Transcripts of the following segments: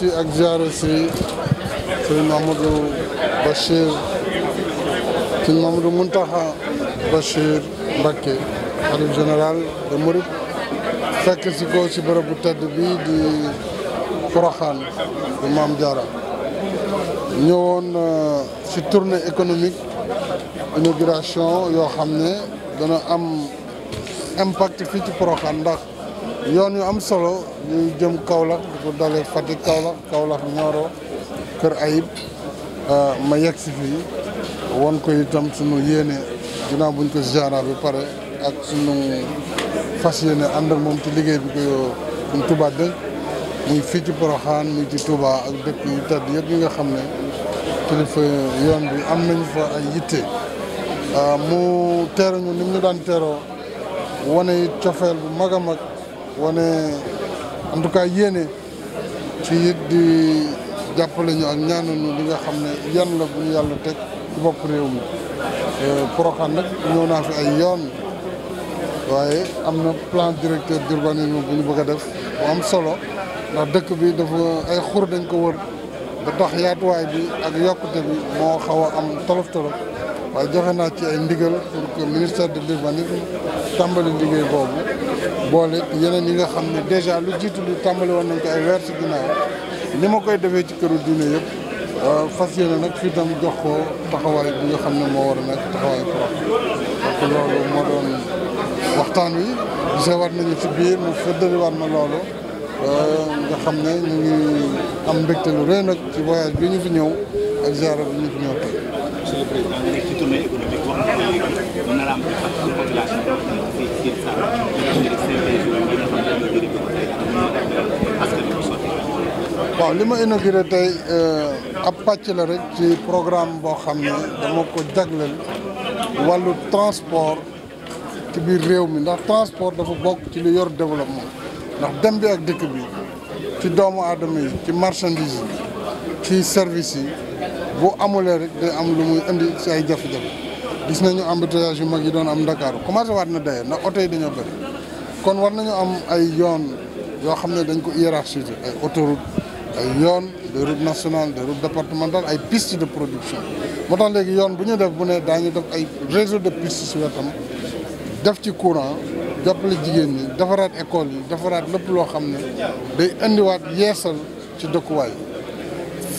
si ak ziare si sëñ Mamadou Bachir sëñ Mamadou Muntaxa Bachir Mbacké xalif général de Mouride fekk si ko si bu tedd bi di Porokhane bu Maam Jaara ñëwoon euh, si tournée économique inauguration yoo xam ne dana am impact fii ci Porokhane ndax yoon yu am solo yu jëm Kaolack bu ko dalee Fatick Kaolack Kaolack Nioro Kër Ayib euh, ma yegg si fii won ko itam sunu yéene ginnaaw buñ ko ziara bi pare ak sunu fas yéene ànd moom ci liggéey bi ko ñu Touba dëj muy fii ci Poroxaan muy ci Touba ak dëkk yu tedd yëpp yi nga xam ne kilifa yoon bi am nañ fa ay yitte euh, mu teeruñu ni ñu daan teeroo wane it cofeel bu mag a mag wane en tout cas yéene ci it di jàppale ñu ak ñaananu li nga xam ne yan la bu ñu yàlla teg ci bopp réew mi euh, Porokhane nag ñëw naa fi ay yoon waaye am na plan directeur d'urbanisme bu ñu bëgg a def bu am solo ndax dëkk bi dafa ay xur dañ ko wër ba tax yaatuwaay bi ak yokkute bi moo xaw a am tolof tolof waaye joxe naa ci ay ndigal pour que ministère de l'urbanisme tàmbali liggéey boobu boole yeneen yi nga xam ne déjà lu jiitu lu tàmbali woon nañ ko ay weer si ginnaaw ni ma koy defee ci këru diine yëpp euh, fas yéene nag fii tam jox ko taxawaay bi nga xam ne moo war a nekk taxawaay prof donc loolu moo doon waxtaan wi gisewaat nañu fi biir mu fëddaliwaat ma loolu euh, nga xam ne ñu ngi am mbégte lu rëy nag ci voyage bi ñu fi ñëw ak ziara bi ñu fi ñëw tey monsieur le président nga waaw li ma inauguré tey euh, ab pàcc la rek ci programme boo xam ne dama ko jagleel wàllu transport ci biir réew mi ndax transport dafa bokk ci lu yor développement ndax dem bi ak dëkk bi ci doomu aadama yi ci marchandise yi ci service yi bu amulee rek day am lu muy indi si ay jafe-jafe gis nañu embouteillage yu mag yi doon am Dakar commencé waat na daye na oto yi dañoo bëri kon war nañu am ay yoon yoo xam ne dañ ko hiérarchiser ay autoroute ay yoon des routes nationales des routes départementales ay pistes de production moo tax léegi yoon bu ñu def bu nee daañu def ay réseau de pistes si wetam def ci courant jàppale jigéen ñi defaraat école yi defaraat lépp loo xam ne day indiwaat yeesal ci dëkkuwaay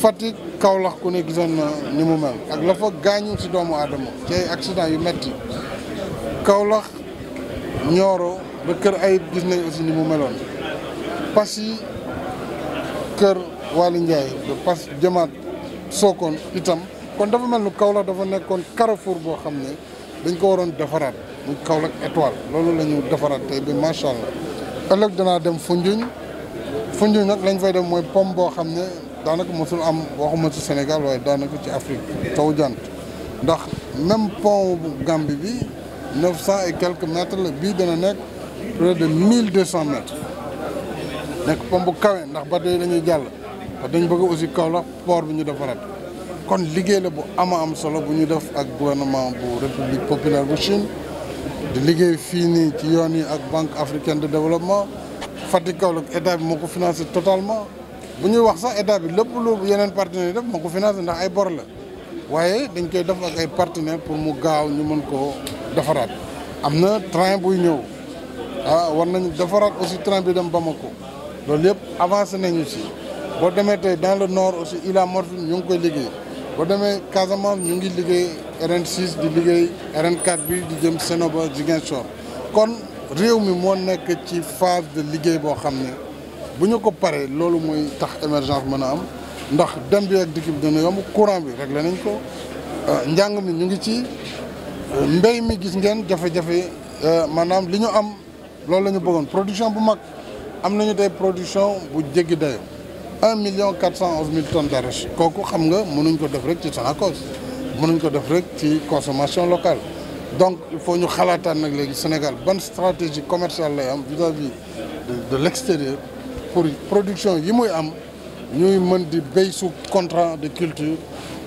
Fatick Kaolack ku ne gisoon na ni mu mel ak la fa gaañu si doomu adama ci ay yu metti Kaolack Nioro ba Kër Ayib gis nañ aussi ni mu meloon Passy kër Waly Ndiaye ba Pass jëmaat Sokone itam kon dafa mel ni Kaolack dafa nekkoon carrefour boo xam ne dañ ko waroon defaraat muy Kaolack étoile loolu la defaraat tey bi macha allah ëllëg danaa dem Foundiougne Foundiougne nag lañ fay dem mooy pom boo xam ne. daanaka mosul am waxuma ci Sénégal waaye daanaka ci Afrique taw jant ndax même pont bu Gambie bi neuf cent et quelques mètres la bii dana nekk près de cent mètres nekk pont bu kawee ndax ba yi la jàll wax dañ bëgg aussi Kaolack port bu ñu def defaraat kon liggéey la bu ama am solo bu ñu def ak gouvernement bu République populaire bu Chine di liggéey fii nii ci yoon yi ak Banque africaine de développement Fatick Kaolack état bi moo ko financé totalement bu ñuy wax sax état bi lépp lu yeneen partenaires def moo ko financé ndax ay bor la waaye dañ koy def ak ay partenaires pour mu gaaw ñu mën koo defaraat. am na train buy ñëw ah war nañu defaraat aussi train bi dem bama ko loolu yëpp avancé nañu si boo demee tey dans le nord aussi Ila Morphine ñu ngi koy liggéey boo demee Casamance ñu ngi liggéey ren 6 di liggéey RN4 bi di jëm Sénoba Ziguinchor kon réew mi moo nekk ci phase de liggéey boo xam ne. bu ñu ko paree loolu mooy tax émergence mën a am ndax dem bi ak dikk bi dina yomb courant bi réglé nañ ko euh, njàng mi ñu ngi ci euh, mbéy mi gis ngeen jafe-jafe euh, maanaam li ñu am loolu la ñu bëggoon production bu mag am nañu tey production bu jéggi dayo un million quatre cent mille tonnes d'arachide kooku xam nga mënuñ ko def rek ci Sonacos mënuñ ko def rek ci consommation locale donc il faut ñu xalaataan nag léegi Sénégal ban stratégie commerciale lay am vis-à-vis de l'extérieur pour production yi muy am ñuy mën di béy suuf contrat de culture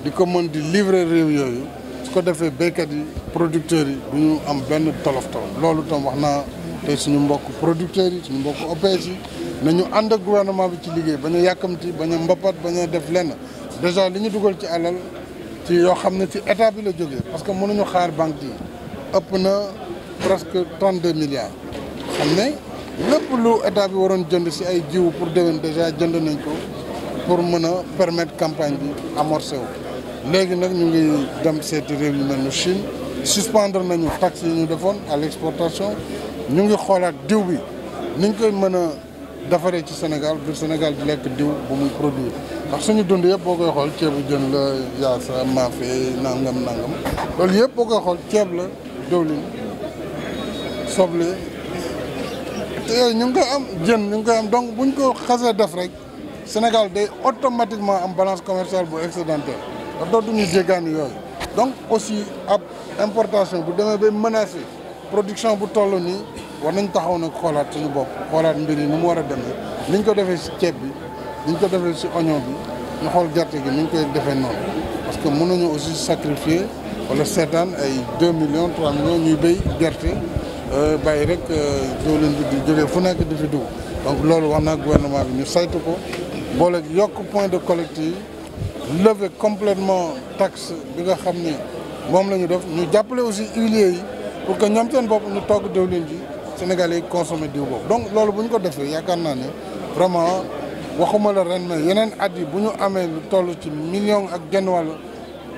di ko mën di livre réew yooyu su ko defee béykat yi producteurs yi du am benn tolof tolof loolu tam wax naa tey suñu mbokk producteurs yi suñu mbokk OPS yi nañu ànd ak gouvernement bi ci liggéey bañ a yàkkamti bañ a mbapat bañ a def lenn déjà li ñu dugal ci alal ci yoo xam ne ci état bi la jógee parce que mënuñu xaar banque yi ëpp na presque trente deux milliards xam ne lépp lu état bi waroon jënd si ay jiw pour déwén déjà jënd nañ ko pour mën a permettre campagne bi amorcé wu. léegi nag ñu ngi dem seeti réew yu mel ni Chine suspendre nañu taxes yi ñu defoon à l'exportation ñu ngi xoolaat diw bi niñ koy mën a defaree ci Sénégal du Sénégal di lekk diw bu muy produit ndax suñu dund yëpp boo koy xool ceebu jën la yaasa maafe nangam nangam loolu yëpp boo koy xool ceeb la diwlin soble. te yooyu ñu ngi am jën ñu ngi am donc buñ ko xasee def rek Sénégal day automatiquement am balance commerciale bu excédentaire da ñu jéggaani yooyu donc aussi ab importation bu demee bay menacé production bu toll nii war nañ taxaw nag xoolaat suñu bopp xoolaat mbir yi ni mu war a demee niñ ko defee si ceeb bi niñ ko defee si oignon bi ñu xool gerte gi niñ koy defee noonu parce que mën nañu aussi sacrifier wala seetaan ay deux millions trois millions ñuy béy gerte Euh, bàyyi rek diwlin euh, bi di jógee fu nekk di fi dugg donc loolu wax naa gouvernement bi ñu saytu ko boole yokk point de collecte yi lever complètement taxe bi nga xam ni moom la ñu def ñu jàppale aussi huiliers yi pour que ñoom seen bopp ñu togg diwlin ji Sénégalais yi consommer diw boobu donc loolu bu ñu ko defee yaakaar naa ne vraiment waxuma la ren mais yeneen at yi bu ñu amee lu toll ci million ak genn wàll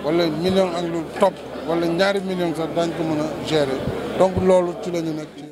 wala million ak lu topp wala ñaari million sax daañ ko mën a gérer donc loolu ci la ñu